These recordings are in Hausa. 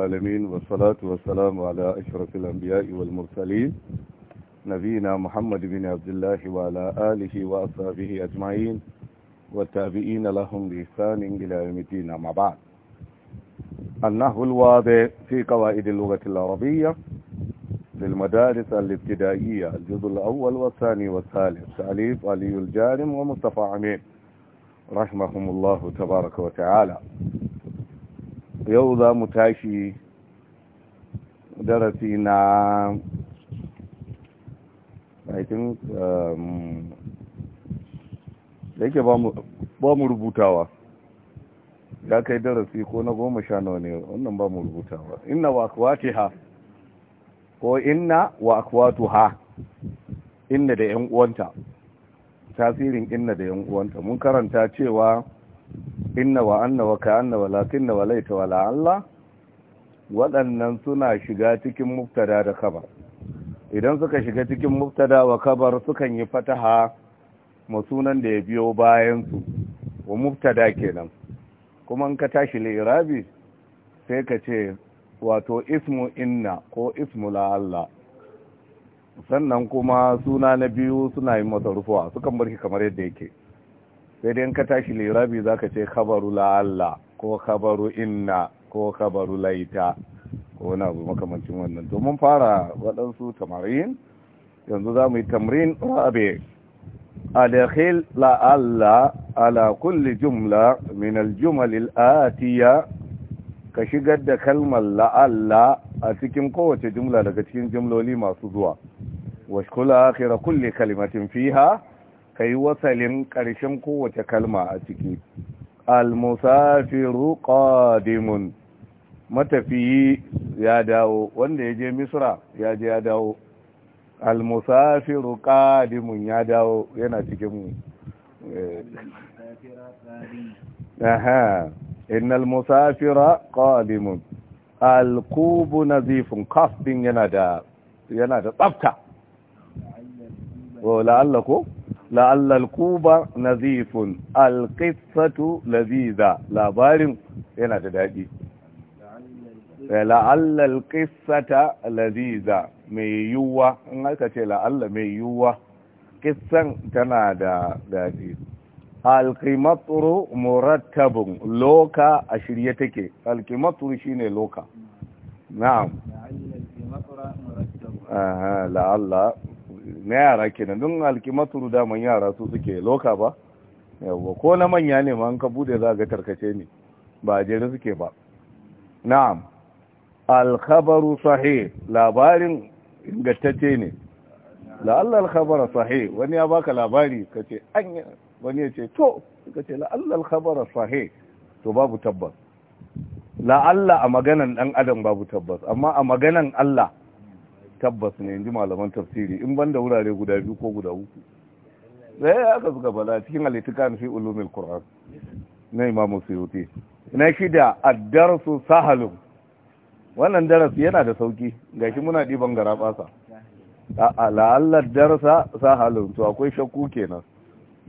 العالمين والصلاة والسلام على أشرف الأنبياء والمرسلين نبينا محمد بن عبد الله وعلى آله وأصحابه أجمعين والتابعين لهم بإحسان إلى يوم الدين أما بعد النحو الواضح في قواعد اللغة العربية للمدارس الابتدائية الجزء الأول والثاني والثالث تأليف علي الجارم ومصطفى عميد رحمهم الله تبارك وتعالى yau za mu tashi darasi na i think um, da yake ba mu rubutawa ya kai darasi ko na goma sha nawa ne wannan ba mu rubutawa inna wa akwati ha ko inna wa akwatu ha inna da yan uwanta tasirin inna da yan uwanta mun karanta cewa inna wa anna wa anna wa latinna wa laita wa la'alla waɗannan suna shiga cikin muftada da kabar idan suka shiga cikin muftada wa kabar sukan yi fataha masunan da ya biyo bayansu wa muftada kenan kuma in ka tashi lirabi sai ka ce wato ismu inna ko ismu la'alla sannan kuma suna na biyu suna yin masa rufuwa sukan bar kamar yadda yake sai dai ka tashi lirabi zaka ce khabaru la'alla ko khabaru inna ko khabaru laita ko wani abu makamancin wannan to mun fara waɗansu tamarin yanzu za mu yi tamrin rabe adakhil la'alla ala kulli jumla min aljumal al'atiya ka shigar da kalmar la'alla a cikin kowace jumla daga cikin jumloli masu zuwa kula akhira kulli kalimatin fiha ka yi wasalin ƙarshen kowace kalma a ciki almusafiru qadimun matafiyi ya dawo wanda ya je misra ya je ya dawo almusafiru qadimun ya dawo yana cikin mu eh, aha innal musafira qadimun alkubu nazifun kaf yana da yana da tsafta ko oh, la'alla ko la'alla al-kuba nazifun al laziza labarin yana da daɗi la'alla al laziza mai yiwuwa in aka ce la'alla mai yiwuwa kissan tana da daɗi al-qimatru murattabun loka a shirye take al shi ne loka na'am la'alla na yara kenan don da man yara su suke loka ba yawa ko na manya ne ma an ka bude za ga tarkace ne ba a jere suke ba na'am alkhabaru sahih labarin ingantacce ne la'alla alkhabara sahih wani ya baka labari kace an wani ya ce to kace la'alla alkhabara sahih to babu tabbas la'alla a maganan dan adam babu tabbas amma a maganan Allah tabbas ne in malaman tafsiri in ban da wurare guda biyu ko guda uku zai eh, aka suka bala cikin na fi ulumin qur'an na imamu suyuti na shi da addarsu sahalun wannan darasi yana da sauki gashi muna diban gara ɓasa a la'allar darasa sahalun to akwai shakku kenan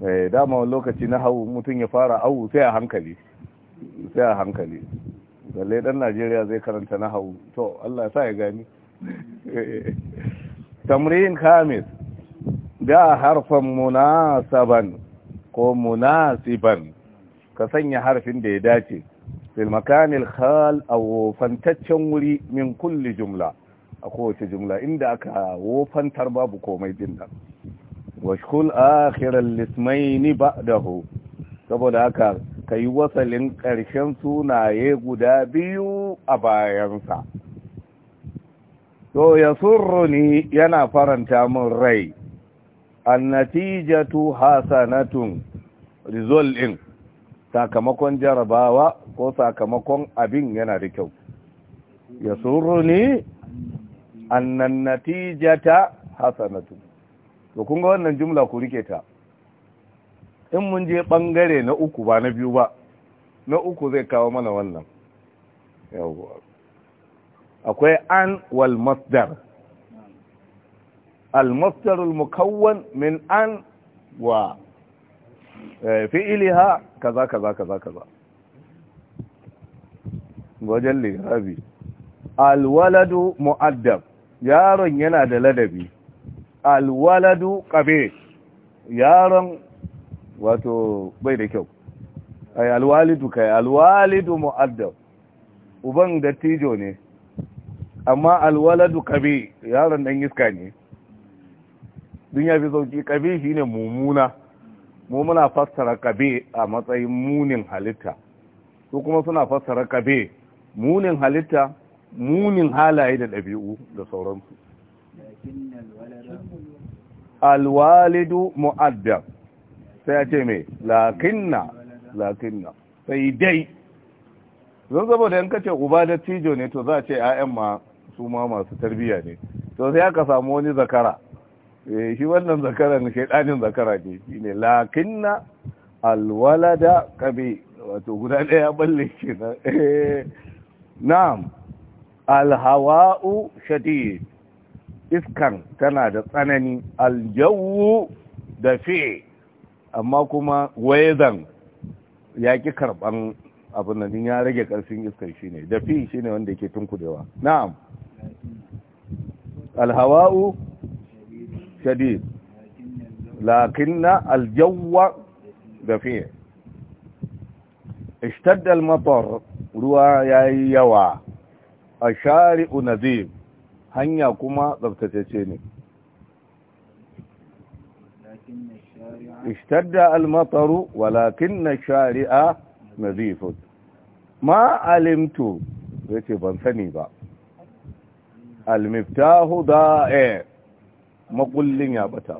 eh dama wani lokaci na hau mutum ya fara awu sai a hankali sai a hankali lalle dan Najeriya zai karanta na hau to Allah ya sa ya gani tamrin khamis da harfan munasaban ko munasiban ka sanya harfin da ya dace fil makanil khal a wofantaccen wuri min kulli jumla a kowace jumla inda aka wofantar babu komai din nan washkul akhiral lismaini ba'dahu saboda haka kai wasalin ƙarshen sunaye guda biyu a bayansa to ya surruni yana faranta min rai annatijatu hasanatun result din sakamakon jarabawa ko sakamakon abin yana da kyau ya surruni annan natijata hasanatun to kun ga wannan jumla ku rike ta in mun je bangare na uku ba na biyu ba na uku zai kawo mana wannan yawwa akwai an wal masdar al masdar al mukawwan min an wa eh, fi'liha kaza kaza kaza kaza wajen lirabi alwaladu mu'addab yaron yana da ladabi alwaladu qabi yaron wato bai da kyau ai alwalidu kai alwalidu mu'addab uban dattijo ne amma alwaladu kabe yaron dan iska ne dunya ya fi sauki kabe shine mumuna mu muna fassara kabe a matsayin munin halitta su kuma suna fassara kabe munin halitta munin halaye da ɗabi'u da sauransu alwalidu mu'addab sai ya ce mai lakinna lakinna sai dai zan saboda yanka ce uba da tijo ne to za a ce 'ya'yan ma su ma masu tarbiyya ne to sai aka samu wani zakara eh, shi wannan zakaran shaidanin zakara ne shine lakinna alwalada kabi wato guda daya balle kenan eh, na'am alhawa'u shadid iskan tana da tsanani aljawu da fi amma kuma waizan ya ki karban abin nan ya rage karfin iskar shine da fi shine wanda yake tunkudewa na'am الهواء شديد لكن الجو دفيع اشتد المطر رواي يوا اشارع نذيب هنيا كما ضبطتتيني اشتد المطر ولكن الشارع نذيف ما علمت يتي بنفني بقى almiftahu da'i makullin ya bata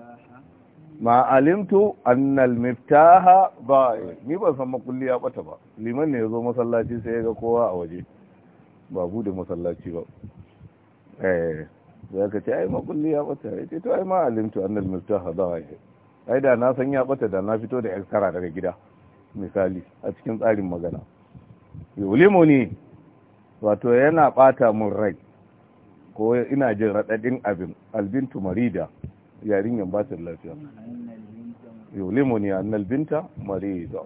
ma alimtu anna almiftaha da'i ni ban san makulli ya bata ba liman ne yazo masallaci sai ya ga kowa a waje ba bude masallaci ba eh za ka ce ai makulli ya bata ya to ai ma alimtu anna almiftaha da'i ai da na san ya bata da na fito da extra daga gida misali a cikin tsarin magana yulimuni wato yana bata mun rai ko ina jin raɗaɗin abin albintu marida yarinyan ba ta lafiya yulimuni annal binta marida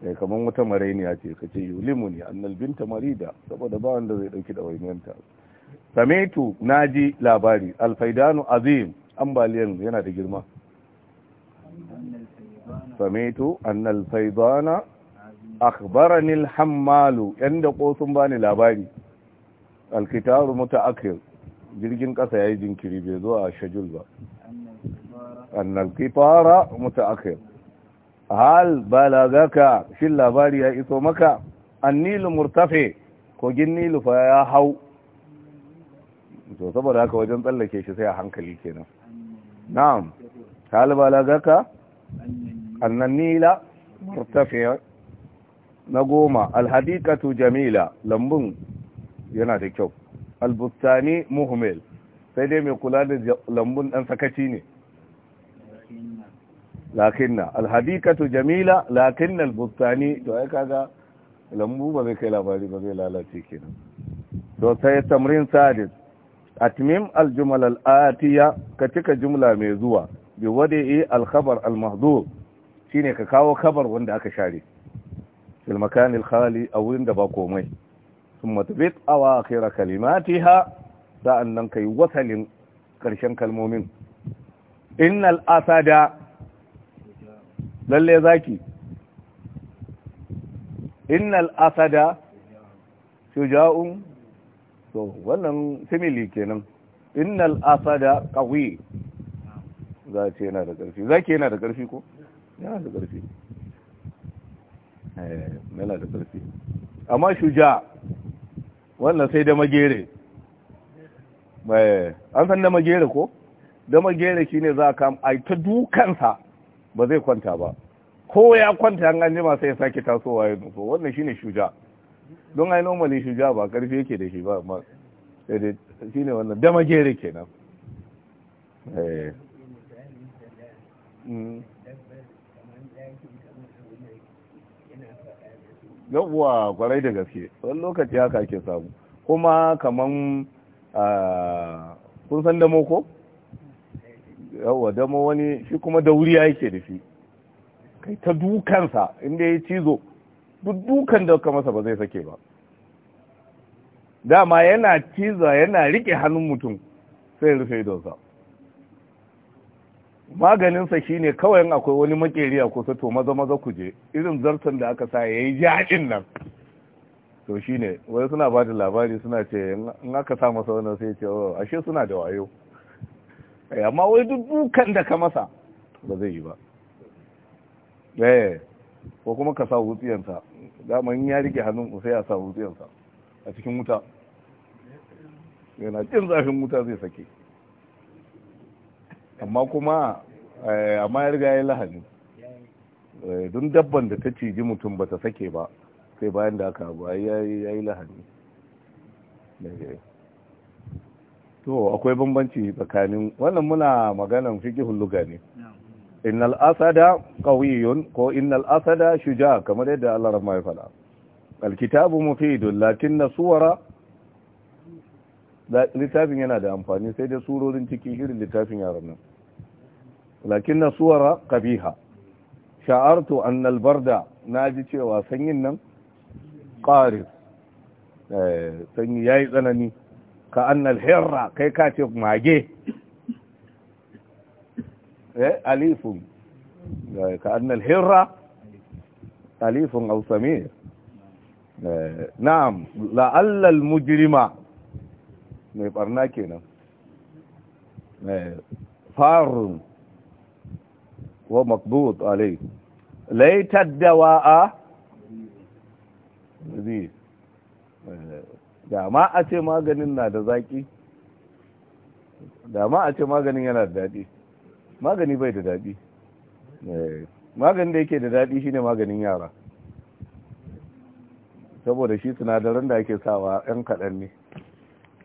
kai eh, kamar wata marainiya ce kace yulimuni annal binta marida saboda ba wanda zai dauki da wainanta samaitu naji labari alfaidanu azim ambaliyan yana da girma samaitu annal faidana akhbarani alhammalu yanda ƙosun bani labari alkitaru mutaakhir jirgin ƙasa ya yi jinkiri bai zo a shajul ba annal kifara mutaakhir hal balagaka shi labari ya iso maka annilu murtafe kogin nilu fa ya hau to saboda haka wajen tsallake shi sai a hankali kenan na'am hal balagaka annan nila murtafe na goma alhadiqatu jamila lambun yana da kyau albustani muhmil sai dai mai kula da lambun ɗan sakaci ne lakinna alhadikatu jamila lakinna albustani to ai kaga lambu ba zai kai labari ba zai lalace kenan to sai tamrin sadis atmim aljumal alatiya ka cika jumla mai zuwa bi wada'i alkhabar almahdhuf shine ka kawo kabar wanda aka share fil makan alkhali a wurin da ba komai sun matubit awa kira kalimati ha sa'an nan ka yi wasalin ƙarshen kalmomin innal asada lalle zaki innal asada shuja'un So wannan simili kenan innal asada qawi za ce yana da ƙarfi zaki yana da ƙarfi ko yana da ƙarfi eh yana da ƙarfi amma shuja' wannan sai da magere eh, an san da magere ko da magere ne za a yi ta dukansa ba zai kwanta ba ko ya kwanta an an jima sai ya sake tasowa ya nufo wannan shi ne shuja don ai normally shuja ba karfi yake da shi ba shi ne wannan da magere kenan eh hmm. yawwa kwarai da gaske wani lokaci haka ake samu kuma kaman kun san damo ko yawwa damo wani shi kuma da wuri ya yake da shi kai ta dukansa inda ya cizo duk dukan da ka masa ba zai sake ba dama yana ciza yana rike hannun mutum sai rufe idonsa maganinsa shine kawai akwai wani makeri a kusa to maza maza ku je irin zartan da aka sa yayi jaɗin nan to shine wai suna ba da labari suna ce in aka sa masa wannan sai ce oh ashe suna da wayo eh, amma wai duk dukan da ka masa ba zai yi ba eh ko kuma ka sa wutsiyansa dama in ya rike hannun sai ya sa wutsiyansa a cikin wuta yana jin zafin wuta zai sake amma kuma a mayar ga ya lahani eh, don dabban da ta ciji mutum ba ta sake ba sai bayan da aka abu ya yi lahani eh. to akwai bambanci tsakanin wannan muna maganan fiki hulluga ne innal asada qawiyyun ko innal asada shuja kamar yadda Allah rahma ya fada alkitabu mufidun lakinna suwara littafin yana da amfani sai da surorin ciki irin littafin yaran nan lakinna suwara qabiha sha'artu annal barda na ji cewa sanyin nan qarib sanyi ya yi tsanani ka annal herra kai ka ce mage eh alifun ka annal herra alifun aw samir na'am la'alla almujrima mai barna kenan farun wa maqbud alayhi laita dawa'a zai da ma a ce maganin na da zaki da ma a ce maganin yana da daɗi magani bai da daɗi maganin da yake da daɗi shine maganin yara saboda shi sinadaran da ake sawa yan kaɗan ne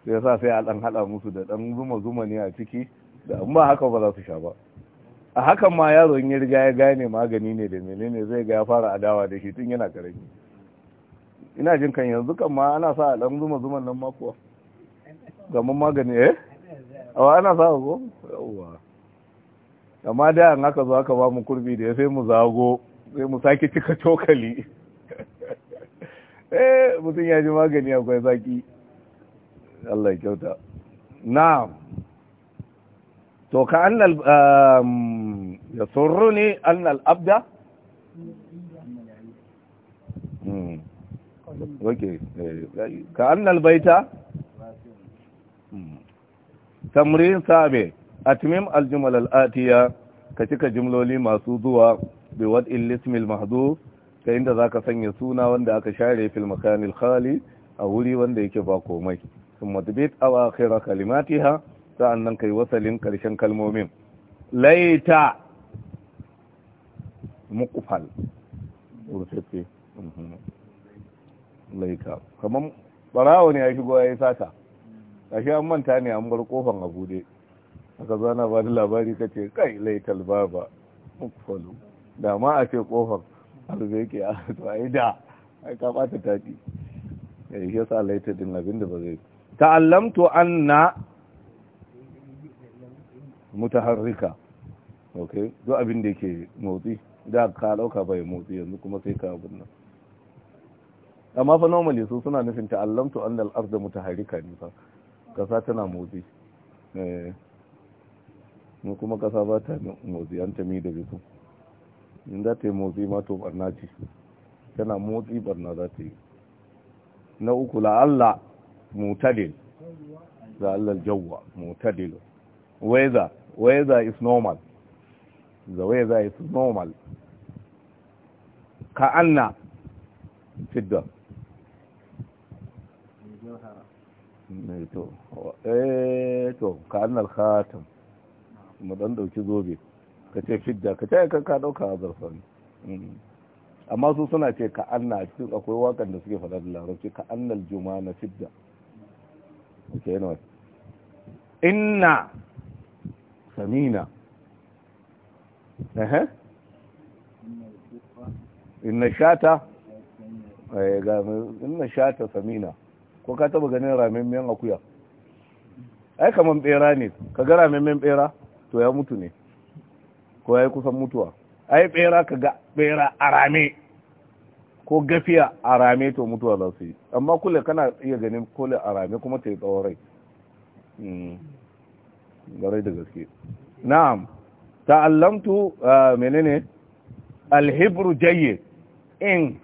sai sa sai a ɗan haɗa musu da ɗan zuma-zuma ne a ciki da amma haka ba za su sha ba a hakan ma yaro in ya riga ya gane magani ne da menene zai ga ya fara adawa da shi tun yana karami ina jin kan yanzu kan ma ana sa a ɗan zuma zuman nan makuwa kuwa magani eh awa ana sa ko yawwa amma da an haka zo aka ba mu kurbi da ya sai mu zago sai mu sake cika cokali eh mutum ya ji magani akwai zaki Allah ya kyauta na'am to ka annal um, yasurruni an al-abda ka an al-baita tamrin sabe atmim al-jumal ka cika jimloli masu zuwa bi wat in al mahdu, ta inda zaka sanya suna wanda aka share fil makanil khali a wuri wanda yake ba komai thumma tubit aw akhir kalimatiha nan kai wasalin karshen kalmomin laita mukufal rufefe laika kamar barawa ne ya shigo ya yi sata shi an manta ne an bar kofan a bude aka zana ba da labari ta ce kai laikal baba mukufalu da ma a ce kofar arzai ke a ah, to a yi da a ka bata taɗi eh, ya yi yasa laita din abin da ba zai ta'allamtu anna mutaharrika ok duk abin da yake motsi da ka dauka bai motsi yanzu kuma sai ka abin nan amma fa normally su suna nufin ta'allamtu anna al-ardu mutaharika ne fa kasa tana motsi eh kuma kasa ba ta motsi an mi da bisu in za ta yi motsi ma to barna ce tana motsi barna za ta yi na uku la Allah mutadil Allah jawwa mutadil weather weather is normal the way that is normal kaanna fidda to eh al-khatam mu dan dauki zobe kace ce fidda ka ce ka dauka a zarfa amma su suna ce ka'anna a cikin akwai wakan da suke faɗa da larabci ka annal juma na fidda ok yana inna samina inna shata eh, inna shata samina ko ka taba ganin ramemmen akuya ai kaman bera ne ka ga ramemmen bera to ya mutu ne ko ya yi kusan mutuwa ai bera ka ga bera arame ko gafiya arame to mutuwa za su yi amma kule kana iya ganin kule arame kuma ta yi tsawon rai garai hmm. da gaske na'am ta'allamtu ah, menene alhibru jayyid ink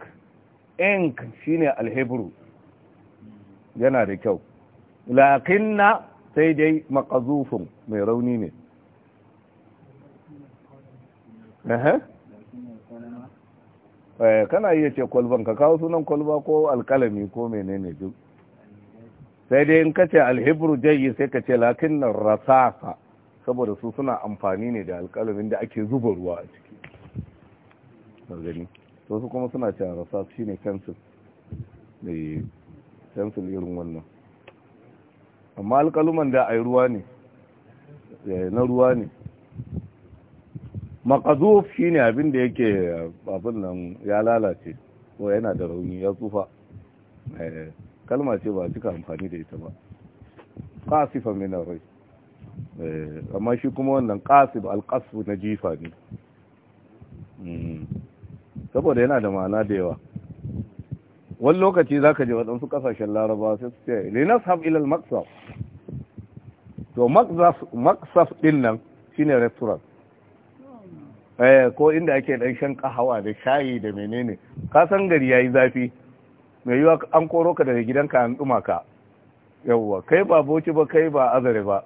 ink shine alhibru yana da kyau lakinna sai dai makazufin mai rauni ne eh, kana iya ce kwalban ka kawo sunan kwalba ko alkalami ko menene duk sai dai in kace alhibru jayyid sai ka ce lakinnan rasasa saboda su suna amfani ne da alkalamin da ake zuba ruwa a ciki gani to su kuma suna cewa rasa shi ne kansil mai eh, kansil irin wannan amma alƙaluman da a yi ruwa ne eh, na ruwa ne makazuf shi ne abin da yake abin nan ya lalace ko yana da rauni ya tsufa eh, kalma ce ba cika amfani da ita ba kasifa minar rai Eh, amma shi kuma wannan qasib alqasb na jifa ne hmm. saboda yana da ma'ana da yawa wani lokaci zaka je waɗansu kasashen laraba sai su ce linus hab ilal maksaf to maksaf ɗin nan shine restaurant restaurant eh, ko inda ake ɗan shan kahawa da shayi da menene ka san gari yayi zafi mai yiwa an koro ka daga gidanka an duma ka yawwa kai ba boci ba kai ba azare ba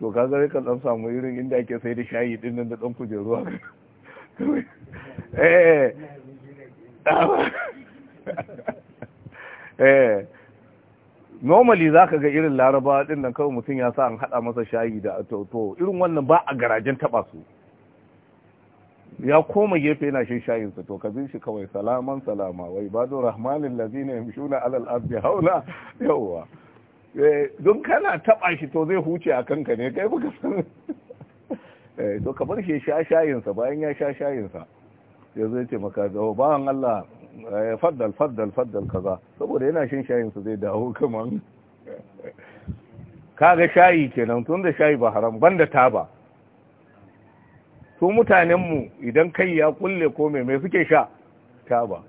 to kaga zai ka dan samu irin inda ake sai da shayi din nan da dan kujeru haka eh eh. eh normally za ga irin laraba din nan kawai mutum ya sa an haɗa masa shayi da to irin wannan ba a garajen taɓa su ya koma gefe yana shayin shayinsa to ka bin shi kawai salaman salama wai ba rahmanin lazina yamshuna alal ardi hawla yawwa Eh, don kana taba shi to zai huce a kanka ne kai baka san eh, to ka shi sha shayinsa bayan ya sha shayinsa ya zai ce maka dawo bawan Allah eh, faddal faddal faddal kaza saboda yana shin shayinsa zai dawo kaman kaga shayi kenan tun da shayi ba haram banda taba su mu idan kai ya kulle ko mai mai suke sha taba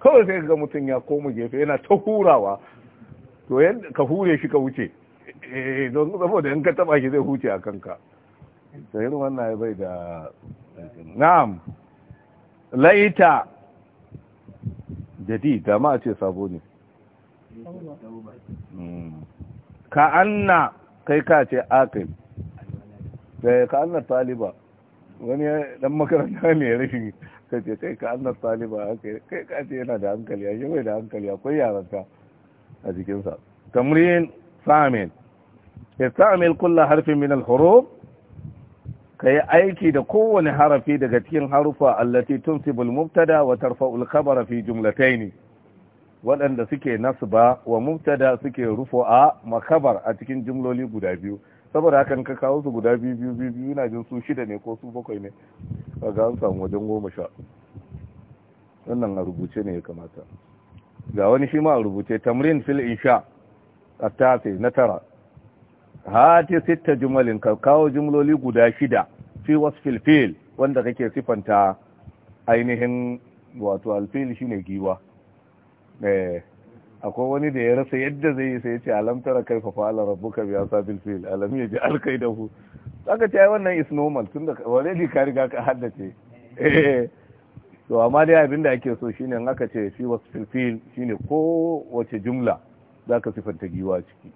kawai sai ga mutum ya koma gefe yana ta hurawa to yadda ka hure shi ka wuce eh, don saboda yan ka taba shi zai huce a kanka to irin wannan bai da na'am laita jadi da ma ce sabo ne hmm. ka anna kai ka ce akai da eh, ka anna taliba wani dan makaranta ne rashin ka ce kai ka anna taliba kai ka ce yana da hankali a shi bai da hankali akwai yaranta. a jikinsa tamrin ya Samil kulla harfin min al-huruf yi aiki da kowane harafi daga cikin harufa allati tunsibul mubtada wa tarfa'ul khabara fi jumlataini waɗanda suke nasba wa mubtada suke rufo a makabar a cikin jumloli guda biyu saboda hakan ka kawo su guda biyu biyu biyu biyu na jin su shida ne ko su bakwai ne ga an samu wajen goma sha wannan a rubuce ne ya kamata ga wani shi ma rubuce tamrin fil insha attafi na tara hati sita jumalin ka kawo jumloli guda shida fi wasfil fil wanda kake sifanta ainihin wato alfil shine giwa eh, akwai wani da ya rasa yadda zai yi sai ya ce alam tara kaifa fa'ala rabbuka bi asabil fil alam yaji alkaidahu zaka wannan is normal tunda already ka riga ka haddace eh to amma dai abin da ake so shine in aka ce fi wasfil fil shine ko wace jumla zaka sifanta giwa ciki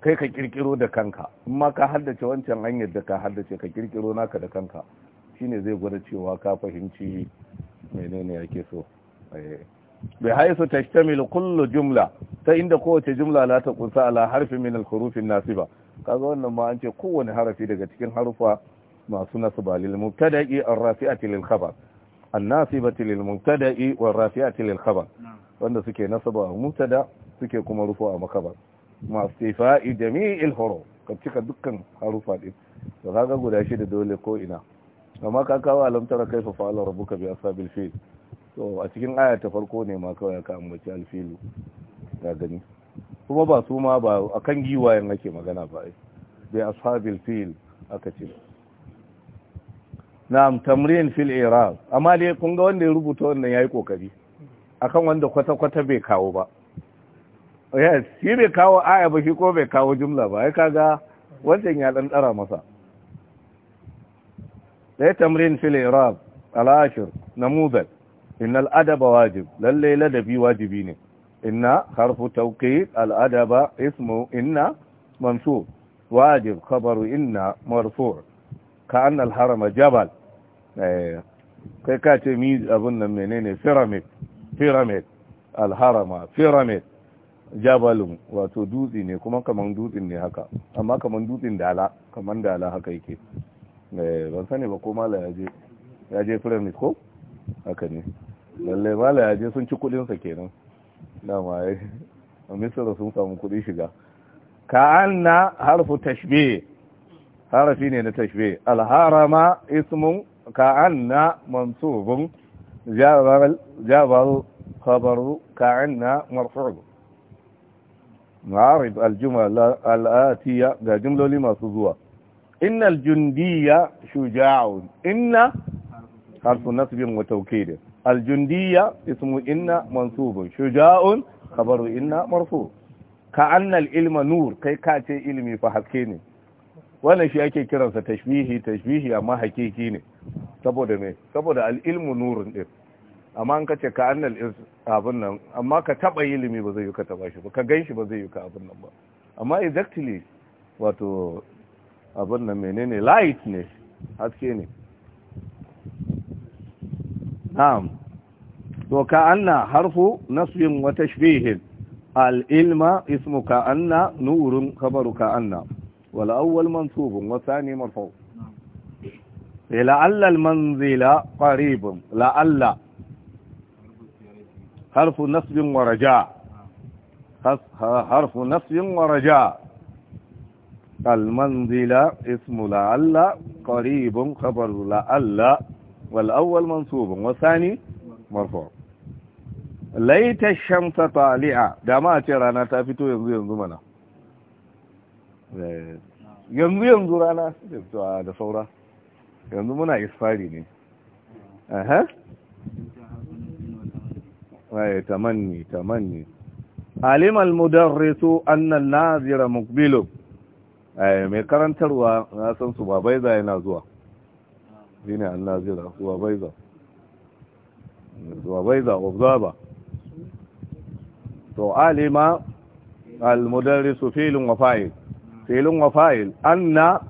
kai ka kirkiro da kanka in ma ka haddace wancan hanyar da ka haddace ka kirkiro naka da kanka shine zai gwada cewa ka fahimci menene yake so eh. bai haisu tashtamilu kullu jumla ta inda kowace jumla la ta kunsa ala harfi min al-hurufin nasiba kaga wannan ma an ce kowane harafi daga cikin harufa masu nasaba lil mubtada'i ar-rafi'ati lil khabar annasibati lil mubtada'i war rafi'ati lil khabar wanda suke nasaba a mubtada suke kuma rufo a makabar ma istifa'i jami'il huruf ka cika dukkan harufa din to kaga guda shi da dole ko ina amma ka kawo alamtara kaifa fa'ala rabbuka bi ashabil fil to a cikin aya ta farko ne ma kawai ka ambaci alfilu ga gani kuma ba su ma ba akan giwayen ake magana ba ai bi ashabil fil aka ce na'am tamrin fil i'rab amma dai kun ga wanda ya rubuta wannan yayi kokari akan wanda kwata-kwata bai kawo ba yes shi bai kawo aya ba shi ko bai kawo jumla ba ai kaga wannan ya dan dara masa dai tamrin fil i'rab al-ashir namuzat innal adaba wajib lalle ladabi wajibi ne inna harfu tawqit al adab ismu inna mansub wajib khabaru inna marfu' al الهرم jabal. Eh, kai ka ce mi abin nan menene pyramid pyramid alharama pyramid jabalin wato dutse ne kuma kaman dutsen ne haka amma kaman dutsen dala kaman dala haka yake eh, ban sani ba ko mala yaje yaje pyramid ko haka ne lalle mala yaje sun ci kudin sa kenan dama ya a misira sun samu kudin shiga ka anna harfu tashbih harafi ne na tashbih alharama ismun كأن منصوب جبل جبل خبر كأن مرفوع نعرف الجمل الآتية جملة لما تزوى إن الجندية شجاع إن حرف نصب وتوكيد الجندية اسم إن منصوب شجاع خبر إن مرفوع كأن العلم نور كي كاتي علمي فحكيني وانا شيء كي kiransa تشبيهي تشبيهي اما حكيكيني saboda me saboda al'ilmu nurin din amma an kace ka annal abin nan amma ka taba ilimi ba zai yi ka taba shi ba ka ganshi ba zai yi ka abin nan ba amma exactly wato abin nan menene light ne haske ne na'am to ka anna harfu nasbin wa tashbihin al-ilma ismu ka anna nurun khabaru ka anna wal awwal mansubun wa thani marfu' لعل المنزل قريب لعل حرف نصب ورجاء حرف نصب ورجاء المنزل اسم لعل قريب خبر لعل والأول منصوب والثاني مرفوع ليت الشمس طالعة da ما ce انا ta fito yanzu yanzu mana yanzu yanzu صورة yanzu muna isfari ne aha waye tamanni tamanni alim almudarrisu anna an-nazira muqbilu eh mai karantarwa na san su babaiza yana zuwa shine an-nazira su babaiza su babaiza observer to alima almudarrisu fi'lun wa fa'il fi'lun wa fa'il anna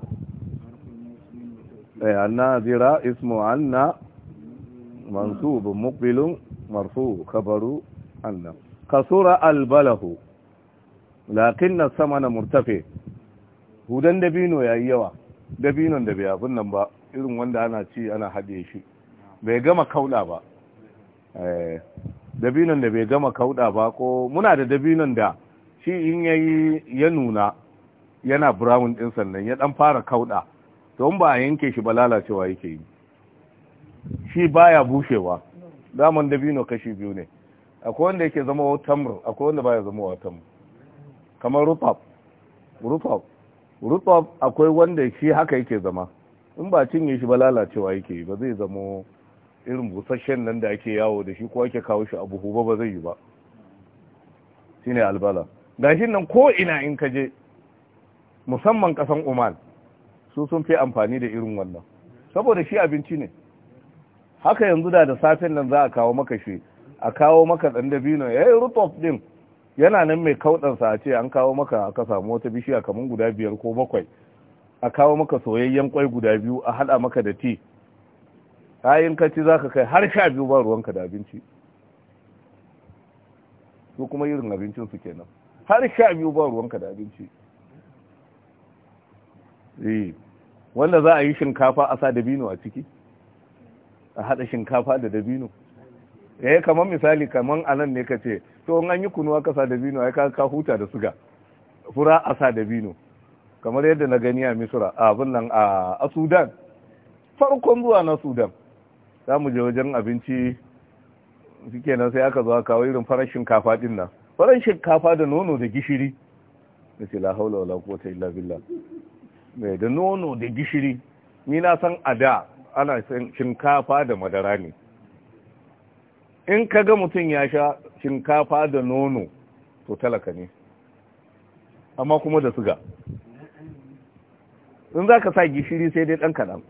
الناذرة اسم عنا منصوب مقبل مرفوع خبر عنا كسر البله لكن الثمن مرتفع hudan dabino ya yi yawa dabinon da bai abin ba irin wanda ana ci ana hade shi bai gama kauda ba eh, dabinon da bai gama kauda ba ko muna da dabinon da shi in ya nuna yana brown ɗin sannan ya ɗan fara kauda don ba a yanke shi ba lalacewa yake yi shi baya bushewa daman dabino kashi biyu ne akwai wanda yake zama wa akwai wanda baya zama wa kamar rufaf rufaf rufaf akwai wanda shi haka yake zama in ba cinye shi ba lalacewa yake yi ba zai zama irin busasshen nan da ake yawo da shi ko ake kawo shi a buhu ba ba zai yi ba shine albala gashin nan ko ina in kaje musamman kasan Oman su sun fi amfani da irin wannan saboda shi abinci ne haka yanzu da da safin nan za a kawo maka shi a kawo maka dandabino dabino ya yi rutof din yana nan mai kauɗansa a ce an kawo maka aka samu wata bishiya kamar guda biyar ko bakwai a kawo maka soyayyen kwai guda biyu a haɗa maka da ti kayan kaci za ka kai har sha biyu ba ruwanka da abinci su kuma irin abincin su kenan har sha biyu ba ruwanka da abinci eh. wanda za a yi shinkafa a sa dabino a ciki a haɗa shinkafa da dabino ya eh, yi kamar misali kamar anan ne ka ce to an yi kunuwa ka sa dabino ya ka huta da suga fura a sa dabino kamar yadda na gani a misura abin nan a sudan farkon zuwa na sudan za mu je wajen abinci suke nan sai aka zuwa kawo irin farar shinkafa din nan farar shinkafa da nono da gishiri da ce la haula wala illa billah Mai eh, da nono da gishiri ni na san a da ana shinkafa da madara ne in ka ga mutum ya sha shinkafa da nono to talaka ne amma kuma da suga in za ka sa gishiri sai dai ɗan kaɗan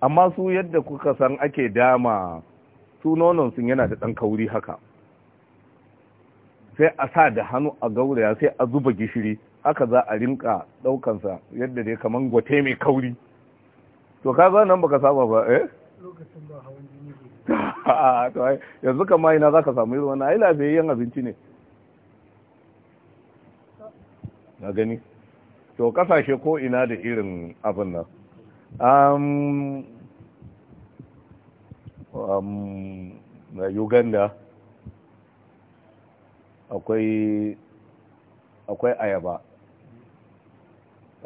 amma su yadda kuka san ake dama su nonon sun yana da ɗan kauri haka sai a sa da hannu a gauraya sai a zuba gishiri aka za a rinka daukansa yadda dai kaman gwate mai kauri to ka za nan baka saba ba eh lokacin ba hawan jini yanzu kama ina za ka samu irin wannan ai lafiyayyen abinci ne na gani to kasashe ko ina da irin abin nan um, um, na uganda akwai akwai ayaba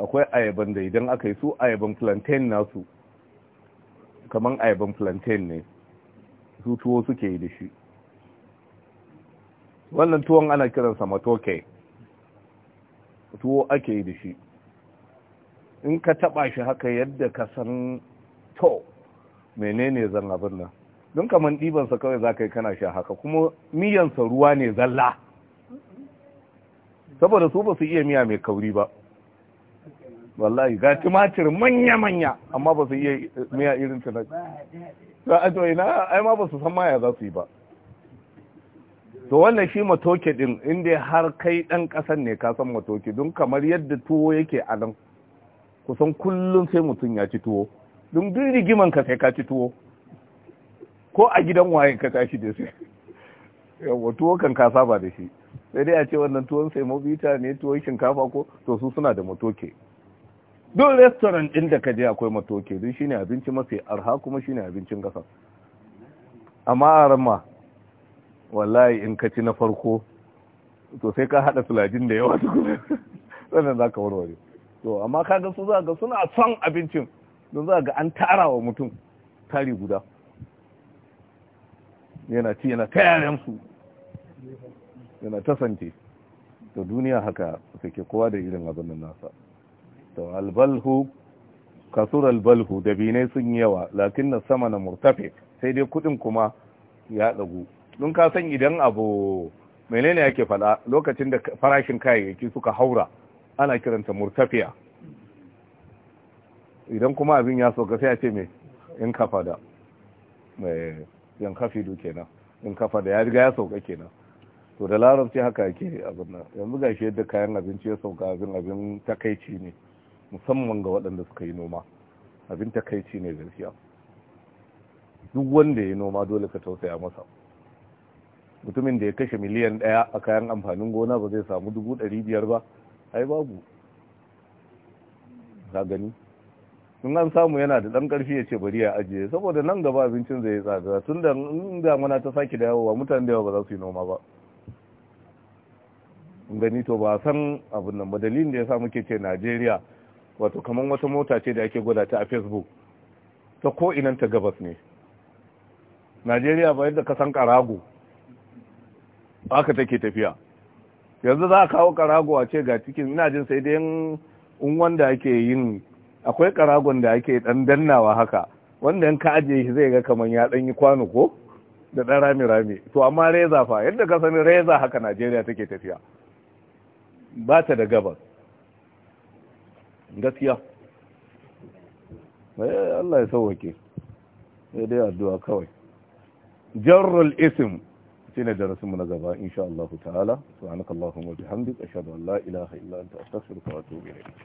akwai ayaban da idan aka yi su ayaban plantain nasu kaman ayaban plantain ne su tuwo suke yi da shi wannan tuwon ana kiransa matoke tuwo ake yi da shi in ka taba shi haka yadda ka san to menene zan abin nan don kamar ɗibansa kawai za ka yi kana sha haka kuma miyan sa ruwa ne zalla saboda su ba su iya miya mai kauri ba wallahi ga tumatir manya-manya amma ba su iya miya irin tunan za a to ina ai ma ba su san maya za su yi ba to wannan shi matoke din inda har kai dan kasan ne ka san matoke don kamar yadda tuwo yake a nan kusan kullum sai mutum ya ci tuwo don duk rigiman ka sai ka ci tuwo ko a gidan waye ka tashi da shi yawa tuwo kan ka saba da shi sai dai a ce wannan tuwon sai mobita ne tuwon shinkafa ko to su suna da matoke duk restaurant ɗin da ka je akwai matoke duk shine abinci mafi arha kuma shine abincin kasa amma a ramma wallahi in ka ci na farko to sai ka haɗa tulajin da yawa sannan za ka warware to amma ga su za ga suna son abincin don za ga an tara wa mutum tari guda yana ci yana ta yarensu yana ta sante to duniya haka suke kowa da irin abin nasa to albalhu kasur albalhu da binai sun yawa lakin na sama na murtafe sai dai kudin kuma ya dagu don ka san idan abu menene yake fada lokacin da farashin kayayyaki suka haura ana kiranta murtafiya idan kuma abin ya sauka sai a ce me in kafa da eh, yan duke na in kafa da ya riga ya sauka kenan to da larabci haka yake abin nan yanzu gashi yadda kayan abinci ya sauka abin abin takaici ne musamman ga waɗanda suka yi noma abin ta ci ne gaskiya duk wanda ya yi noma dole ka tausaya masa mutumin da ya kashe miliyan ɗaya a kayan amfanin gona ba zai samu dubu ɗari biyar ba ai babu za gani sun an samu yana da ɗan ƙarfi ya ce bari ya ajiye saboda nan gaba abincin zai yi tsada tun da damuna ta sake da yawa mutane da yawa ba za su yi noma ba gani to ba san abin nan ba da ya sa muke ce najeriya wato kamar wata mota ce da ake gwada ta a facebook ta ko inan ta gabas ne najeriya ba yadda ka karago haka take tafiya yanzu za a kawo karago a ce ga cikin ina jin sai dai in wanda ake yin akwai karagon da ake dan dannawa haka wanda in ka ajiye shi zai ga kamar ya dan yi kwano ko da dan rami rami to amma reza fa yadda ka sani reza haka najeriya take tafiya ba ta da gabas gaskiya eh Allah ya sauwake sai dai addu'a kawai jarrul ism darasin mu na gaba insha Allah ta'ala subhanakallahumma wa bihamdika ashhadu an la ilaha illa anta astaghfiruka wa atubu ilayk